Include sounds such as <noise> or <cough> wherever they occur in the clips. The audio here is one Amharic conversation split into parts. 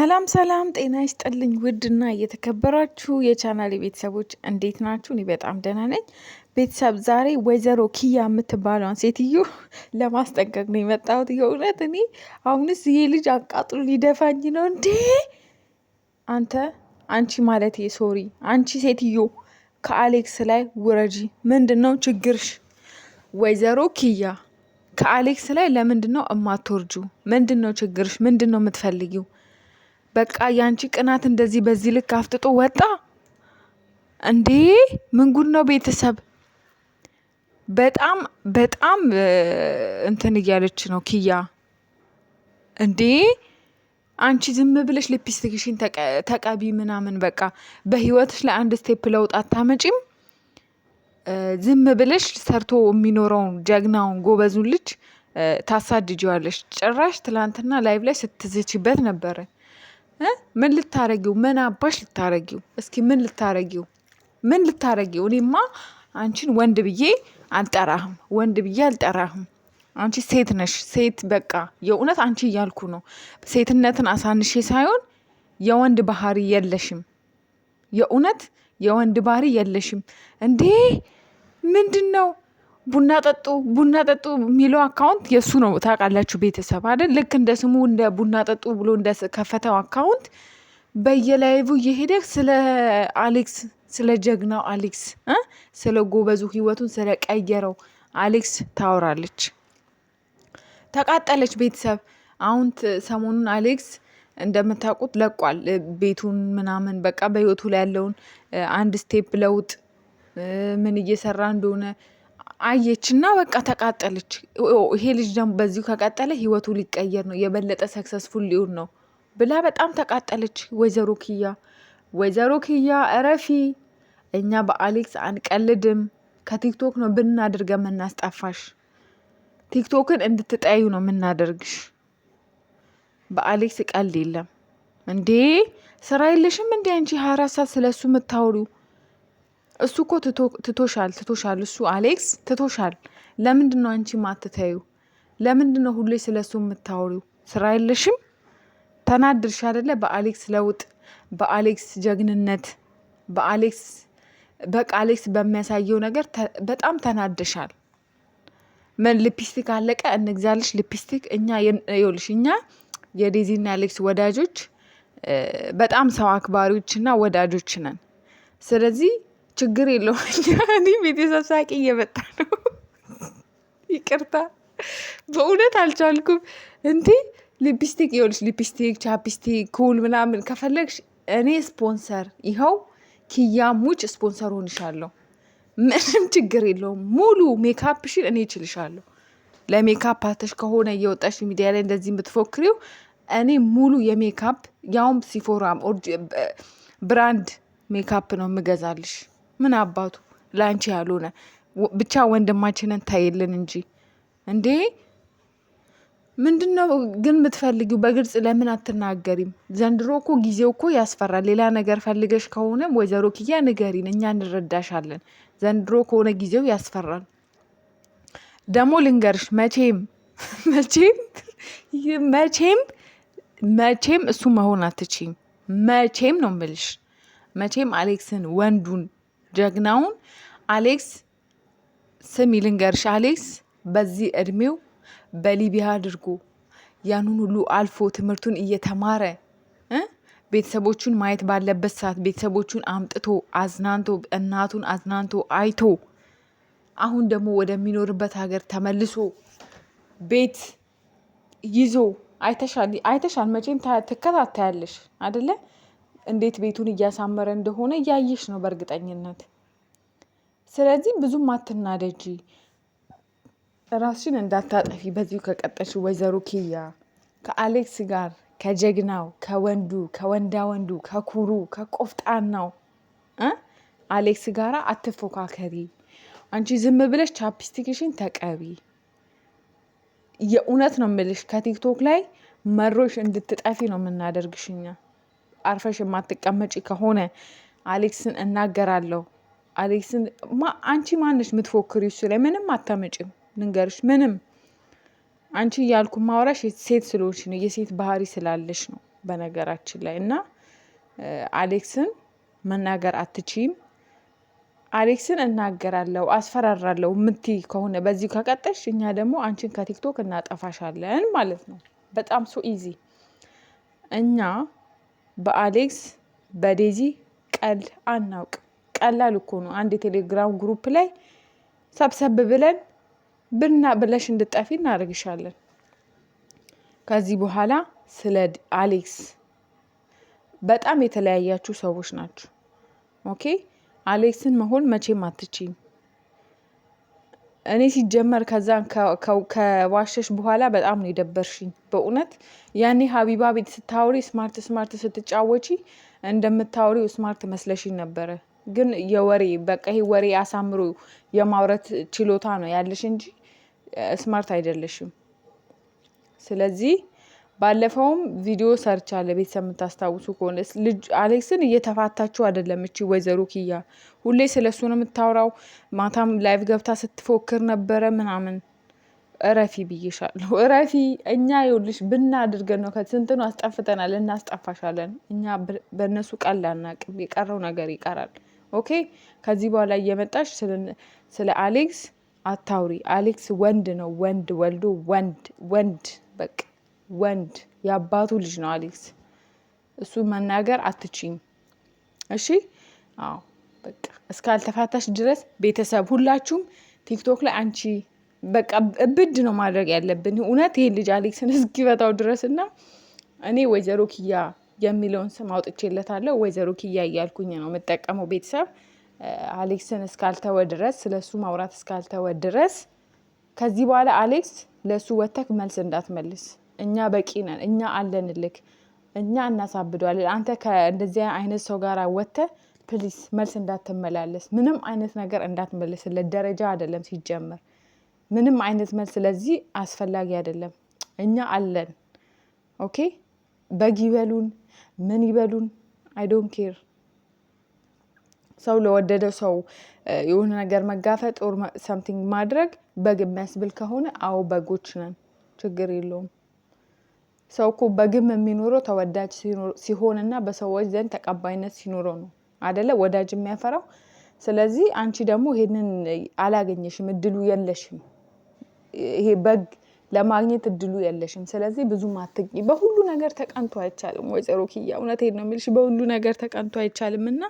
ሰላም ሰላም፣ ጤና ይስጥልኝ ውድና እየተከበራችሁ የቻናል ቤተሰቦች እንዴት ናችሁ? እኔ በጣም ደህና ነኝ። ቤተሰብ ዛሬ ወይዘሮ ኪያ የምትባለውን ሴትዮ ለማስጠንቀቅ ነው የመጣሁት። የእውነት እኔ አሁንስ ይሄ ልጅ አቃጥሎ ሊደፋኝ ነው እንዴ? አንተ አንቺ ማለት ሶሪ፣ አንቺ ሴትዮ ከአሌክስ ላይ ውረጂ። ምንድን ነው ችግርሽ? ወይዘሮ ኪያ ከአሌክስ ላይ ለምንድን ነው እማትወርጁ? ምንድን ነው ችግርሽ? ምንድን ነው የምትፈልጊው? በቃ ያንቺ ቅናት እንደዚህ በዚህ ልክ አፍጥጦ ወጣ እንዴ! ምን ጉድ ነው ቤተሰብ? በጣም በጣም እንትን እያለች ነው ኪያ። እንዴ አንቺ ዝም ብለሽ ሊፕስቲክሽን ተቀቢ ምናምን፣ በቃ በህይወትሽ አንድ ስቴፕ ለውጥ አታመጪም። ዝም ብለሽ ሰርቶ የሚኖረውን ጀግናውን ጎበዙን ልጅ ታሳድጅዋለሽ። ጭራሽ ትላንትና ላይቭ ላይ ስትዝችበት ነበረ። ምን ልታረጊው? ምን አባሽ ልታረጊው? እስኪ ምን ልታረጊው? ምን ልታረጊው? እኔማ አንቺን ወንድ ብዬ አልጠራህም፣ ወንድ ብዬ አልጠራህም። አንቺ ሴት ነሽ፣ ሴት በቃ የእውነት አንቺ እያልኩ ነው። ሴትነትን አሳንሼ ሳይሆን የወንድ ባህሪ የለሽም፣ የእውነት የወንድ ባህሪ የለሽም። እንዴ ምንድን ነው? ቡና ጠጡ ቡና ጠጡ የሚለው አካውንት የእሱ ነው ታውቃላችሁ፣ ቤተሰብ አይደል? ልክ እንደ ስሙ እንደ ቡና ጠጡ ብሎ እንደከፈተው አካውንት በየላይቡ እየሄደ ስለ አሌክስ ስለ ጀግናው አሌክስ ስለ ጎበዙ ህይወቱን ስለ ቀየረው አሌክስ ታወራለች። ተቃጠለች ቤተሰብ። አሁን ሰሞኑን አሌክስ እንደምታውቁት ለቋል ቤቱን ምናምን በቃ በህይወቱ ላይ ያለውን አንድ ስቴፕ ለውጥ ምን እየሰራ እንደሆነ አየች እና በቃ ተቃጠለች። ይሄ ልጅ ደግሞ በዚሁ ከቀጠለ ህይወቱ ሊቀየር ነው፣ የበለጠ ሰክሰስፉል ሊሆን ነው ብላ በጣም ተቃጠለች። ወይዘሮ ክያ ወይዘሮ ክያ እረፊ፣ እኛ በአሌክስ አንቀልድም። ከቲክቶክ ነው ብናደርገ የምናስጠፋሽ፣ ቲክቶክን እንድትጠዩ ነው የምናደርግሽ። በአሌክስ ቀልድ የለም እንዴ! ስራ የለሽም እንዲ አንቺ ሀያ አራት ሰዓት ስለሱ የምታወሪው እሱ እኮ ትቶሻል ትቶሻል፣ እሱ አሌክስ ትቶሻል። ለምንድን ነው አንቺ ማትተዩ? ለምንድን ነው ሁሌ ስለ እሱ የምታወሪው? ስራ የለሽም? ተናድርሽ አደለ በአሌክስ ለውጥ፣ በአሌክስ ጀግንነት፣ በአሌክስ በቃ አሌክስ በሚያሳየው ነገር በጣም ተናድሻል። ምን ሊፕስቲክ አለቀ እንግዛልሽ ሊፕስቲክ። እኛ ይኸውልሽ፣ እኛ የዴዚና አሌክስ ወዳጆች በጣም ሰው አክባሪዎችና ወዳጆች ነን። ስለዚህ ችግር የለውም። <laughs> እኔ ቤተሰብ ሳቂ እየመጣ ነው። ይቅርታ በእውነት አልቻልኩም። እንቲ ሊፕስቲክ ይኸውልሽ፣ ሊፕስቲክ፣ ቻፕስቲክ፣ ኩል ምናምን ከፈለግሽ እኔ ስፖንሰር ይኸው ኪያ ሙጭ ስፖንሰር ሆንሻለሁ። ምንም ችግር የለውም። ሙሉ ሜካፕሽን እኔ እችልሻለሁ። ለሜካፕ አተሽ ከሆነ እየወጣሽ ሚዲያ ላይ እንደዚህ የምትፎክሪው እኔ ሙሉ የሜካፕ ያውም ሲፎራም ብራንድ ሜካፕ ነው የምገዛልሽ። ምን አባቱ ለአንቺ ያልሆነ ብቻ ወንድማችንን ታይልን እንጂ እንዴ ምንድን ነው ግን የምትፈልጊው? በግልጽ ለምን አትናገሪም? ዘንድሮ እኮ ጊዜው እኮ ያስፈራል። ሌላ ነገር ፈልገሽ ከሆነ ወይዘሮ ክያ ንገሪን፣ እኛ እንረዳሻለን። ዘንድሮ ከሆነ ጊዜው ያስፈራል። ደግሞ ልንገርሽ፣ መቼም <laughs> መቼም <laughs> መቼም መቼም እሱ መሆን አትችይም። መቼም ነው ምልሽ፣ መቼም አሌክስን ወንዱን ጀግናውን አሌክስ ስሚ ልንገርሽ፣ አሌክስ በዚህ እድሜው በሊቢያ አድርጎ ያንን ሁሉ አልፎ ትምህርቱን እየተማረ ቤተሰቦቹን ማየት ባለበት ሰዓት ቤተሰቦቹን አምጥቶ አዝናንቶ እናቱን አዝናንቶ አይቶ አሁን ደግሞ ወደሚኖርበት ሀገር ተመልሶ ቤት ይዞ አይተሻል አይተሻል። መቼም ትከታታያለሽ አደለ? እንዴት ቤቱን እያሳመረ እንደሆነ እያየሽ ነው በእርግጠኝነት። ስለዚህ ብዙም አትናደጂ፣ ራስሽን እንዳታጠፊ በዚሁ ከቀጠች ወይዘሮ ኪያ ከአሌክስ ጋር ከጀግናው ከወንዱ ከወንዳ ወንዱ ከኩሩ ከቆፍጣናው አሌክስ ጋር አትፎካከሪ። አንቺ ዝም ብለሽ ቻፕስቲክሽን ተቀቢ። የእውነት ነው ምልሽ፣ ከቲክቶክ ላይ መሮሽ እንድትጠፊ ነው የምናደርግሽኛ። አርፈሽ የማትቀመጪ ከሆነ አሌክስን እናገራለሁ። አሌክስን አንቺ ማንሽ የምትፎክሪው? ላይ ምንም አታመጭም። ንገርሽ ምንም አንቺ እያልኩ ማውራሽ ሴት ስለሆንሽ ነው፣ የሴት ባህሪ ስላለሽ ነው። በነገራችን ላይ እና አሌክስን መናገር አትችም። አሌክስን እናገራለሁ፣ አስፈራራለሁ ምት ከሆነ በዚህ ከቀጠሽ እኛ ደግሞ አንቺን ከቲክቶክ እናጠፋሻለን ማለት ነው። በጣም ሶ ኢዚ እኛ በአሌክስ በዴዚ ቀልድ አናውቅ። ቀላል እኮ ነው። አንድ የቴሌግራም ግሩፕ ላይ ሰብሰብ ብለን ብና ብለሽ እንድጠፊ እናደርግሻለን። ከዚህ በኋላ ስለ አሌክስ በጣም የተለያያችሁ ሰዎች ናችሁ። ኦኬ አሌክስን መሆን መቼም አትችይም። እኔ ሲጀመር ከዛን ከዋሸሽ በኋላ በጣም ነው የደበርሽኝ በእውነት። ያኔ ሀቢባ ቤት ስታወሪ ስማርት ስማርት ስትጫወቺ እንደምታወሪው ስማርት መስለሽኝ ነበረ። ግን የወሬ በቃ ይሄ ወሬ አሳምሮ የማውረት ችሎታ ነው ያለሽ እንጂ ስማርት አይደለሽም። ስለዚህ ባለፈውም ቪዲዮ ሰርች አለ ቤተሰብ የምታስታውሱ ከሆነ አሌክስን እየተፋታችሁ አይደለም እቺ ወይዘሮ ኪያ ሁሌ ስለሱ ነው የምታወራው። ማታም ላይቭ ገብታ ስትፎክር ነበረ ምናምን። እረፊ ብይሻለሁ፣ <laughs> እረፊ። እኛ ይኸውልሽ ብናድርገን ነው ከስንትኑ አስጠፍተናል፣ እናስጠፋሻለን። እኛ በእነሱ ቀል አናቅም፣ የቀረው ነገር ይቀራል። ኦኬ ከዚህ በኋላ እየመጣሽ ስለ አሌክስ አታውሪ። አሌክስ ወንድ ነው፣ ወንድ ወልዶ ወንድ ወንድ በቃ ወንድ የአባቱ ልጅ ነው አሌክስ። እሱ መናገር አትችም። እሺ አዎ በቃ እስካልተፋታሽ ድረስ ቤተሰብ ሁላችሁም ቲክቶክ ላይ አንቺ በቃ እብድ ነው ማድረግ ያለብን እውነት ይህን ልጅ አሌክስን እስኪፈታው ድረስ እና እኔ ወይዘሮ ኪያ የሚለውን ስም አውጥቼለታለሁ። ወይዘሮ ኪያ እያልኩኝ ነው የምጠቀመው። ቤተሰብ አሌክስን እስካልተወ ድረስ ስለሱ ማውራት እስካልተወ ድረስ ከዚህ በኋላ አሌክስ ለእሱ ወተክ መልስ እንዳትመልስ። እኛ በቂ ነን፣ እኛ አለንልክ፣ እኛ እናሳብደዋለን። አንተ ከእንደዚህ አይነት ሰው ጋር ወተ ፕሊስ መልስ እንዳትመላለስ፣ ምንም አይነት ነገር እንዳትመለስለት። ደረጃ አይደለም ሲጀመር ምንም አይነት መልስ ስለዚህ አስፈላጊ አይደለም። እኛ አለን። ኦኬ በግ ይበሉን ምን ይበሉን አይዶን ኬር። ሰው ለወደደ ሰው የሆነ ነገር መጋፈጥ ኦር ሰምቲንግ ማድረግ በግ የሚያስብል ከሆነ አዎ በጎች ነን፣ ችግር የለውም። ሰው እኮ በግም የሚኖረው ተወዳጅ ሲሆንና በሰዎች ዘንድ ተቀባይነት ሲኖረው ነው አደለ ወዳጅ የሚያፈራው። ስለዚህ አንቺ ደግሞ ይሄንን አላገኘሽም፣ እድሉ የለሽም። ይሄ በግ ለማግኘት እድሉ የለሽም። ስለዚህ ብዙም ማትቂ በሁሉ ነገር ተቀንቶ አይቻልም ወይ ጸሮኪያ፣ እውነቴን ነው የሚልሽ። በሁሉ ነገር ተቀንቶ አይቻልም እና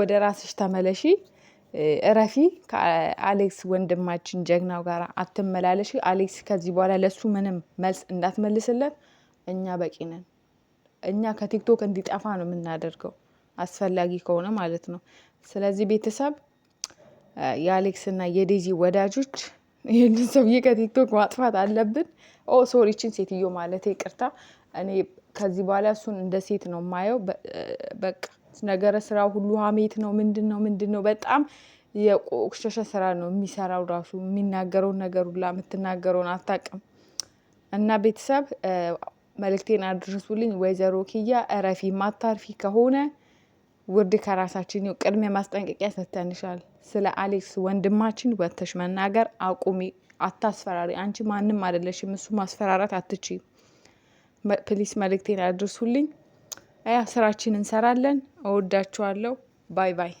ወደ ራስሽ ተመለሺ፣ እረፊ። ከአሌክስ ወንድማችን ጀግናው ጋር አትመላለሽ። አሌክስ ከዚህ በኋላ ለሱ ምንም መልስ እንዳትመልስለት። እኛ በቂ ነን። እኛ ከቲክቶክ እንዲጠፋ ነው የምናደርገው አስፈላጊ ከሆነ ማለት ነው። ስለዚህ ቤተሰብ የአሌክስ እና የዴዚ ወዳጆች ይህንን ሰውዬ ከቲክቶክ ማጥፋት አለብን። ኦ ሶሪችን ሴትዮ ማለት ይቅርታ። እኔ ከዚህ በኋላ እሱን እንደ ሴት ነው የማየው። በቃ ነገረ ስራ ሁሉ ሀሜት ነው። ምንድን ነው ምንድን ነው? በጣም የቆሸሸ ስራ ነው የሚሰራው። ራሱ የሚናገረውን ነገር ሁላ የምትናገረውን አታውቅም። እና ቤተሰብ መልእክቴን አድርሱልኝ። ወይዘሮ ኪያ እረፊ፣ ማታርፊ ከሆነ ውርድ ከራሳችን ነው። ቅድሚያ ማስጠንቀቂያ ሰተንሻል። ስለ አሌክስ ወንድማችን ወተሽ መናገር አቁሚ። አታስፈራሪ። አንቺ ማንም አይደለሽም። እሱ ማስፈራራት አትች። ፕሊስ መልእክቴን አድርሱልኝ። ያ ስራችን እንሰራለን። እወዳችኋለሁ። ባይ ባይ